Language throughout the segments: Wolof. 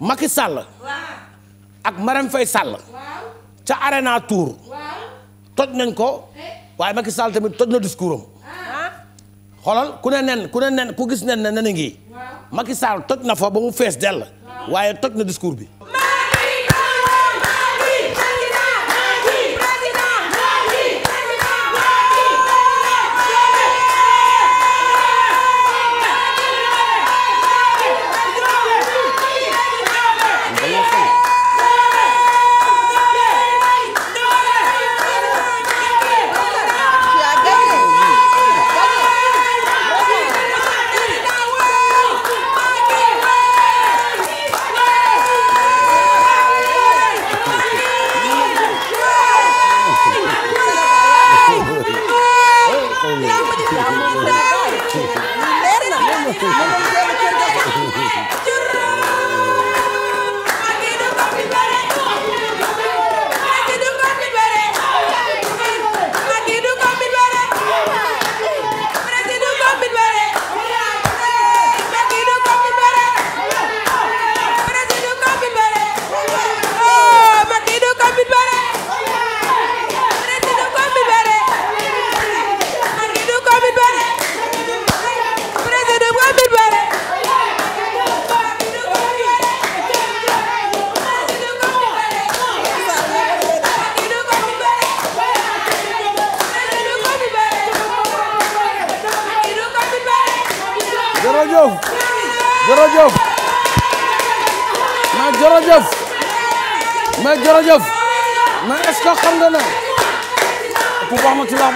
maki Sall. ak Marème Faye Sall. ca Arena tuur toj nañ ko waaye Macky Sall tamit toj na discours am. xoolal ku ne nen ku ne nen ku gis nen ne nen a ngi. Macky Sall toj na fa ba mu fees dell. waaye toj na discours bi. Yàlla jërëjëf mais jërëjëf mais jërëjëf mais est-ce que xam nga ne ku wax ma ci laax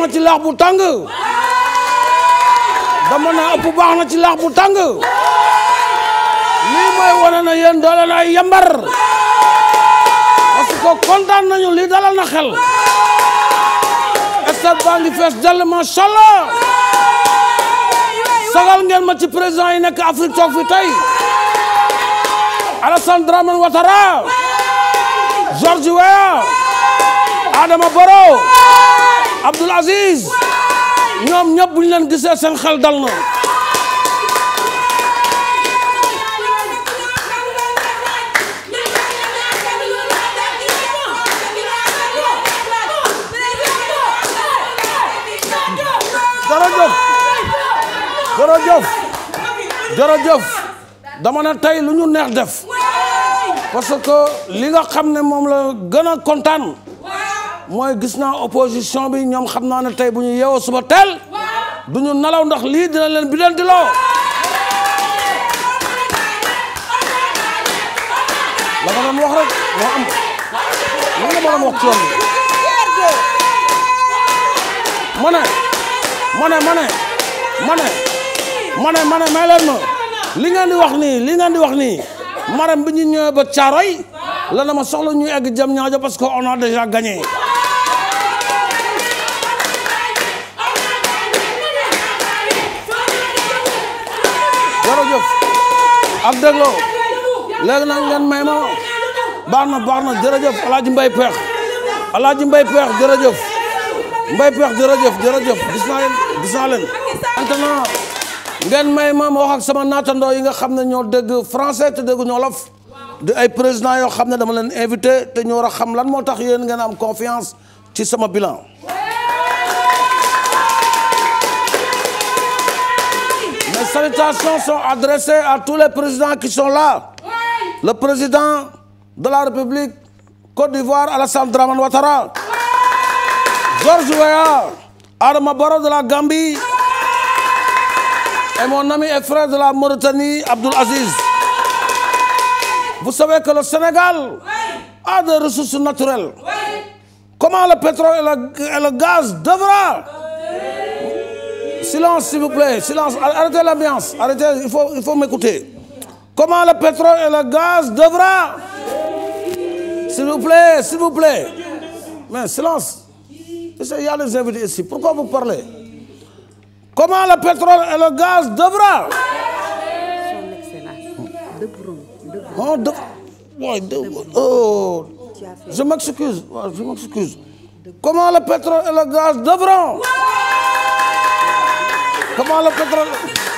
na ci laax bu tàng dama ne ëpp baax na ci laax bu tàng lii mooy wane na yéen doole na ay yambar parce que kontaan nañu lii dalal na xel stade baa ngi fees dell macha allah sagal ngeen ma ci président yi nekk Afrique toog fi tey Alassane Dramane Ouattara George Weah Adama Barrow Abdoul Aziz ñoom ñëpp bu ñu leen gisee seen xel jërëjëf jërëjëf dama ne tey lu ñu neex def parce que li nga xam ne moom la gën a kontaan mooy gis naa opposition bi ñoom xam naa ne tey bu ñu yeewoo suba teel du ñu nalaw ndax lii dina leen bi leen di loo la ma doon wax rek moo am lan la ma doon wax ci bi ma ne ma ne ma ne ma ne ma ne ma ne may leen ma li ngeen di wax nii li ngeen di wax nii maram bi ñu ñëwee ba caaroy la dama soxla ñu egg jëm ñaajo parce que on a déjà gagné. jërëjëf ak dégloo léegi nag ngeen may ma baax na baax na jërëjëf El Hadj Mbaye Pekh El Hadj Mbaye Pekh jërëjëf. Mbaye Pekh jërëjëf jërëjëf gis naa leen gis naa leen. maintenant ngeen may ma ma wax ak sama naatandoo yi nga xam ne ñoo dégg français te dégguñu wolof di ay président yoo xam ne dama leen invité te ñu war a xam lan moo tax yéen ngeen am confiance ci sama bilan. mes salutations sont adressées à tous les présidents qui sont là. le président de la République Côte d'Ivoire Alassane Dramane Ouattara. George Weah Adama Barrow de la Gambie et mon ami et de la Mauritanie Abdoul Aziz vous savez que le Sénégal a des ressources naturelles comment le gaz devra silence s'il vous plaît silence arrêtez l'ambiance il faut, il m'écouter comment le gaz devra s'il vous plaît s'il vous plaît mais silence Il y a des invités ici. Pourquoi vous parlez Comment le pétrole et le gaz devra Son excellence. Oh, de... oh. Je m'excuse. Je m'excuse. Comment le pétrole et le gaz devront Comment le pétrole...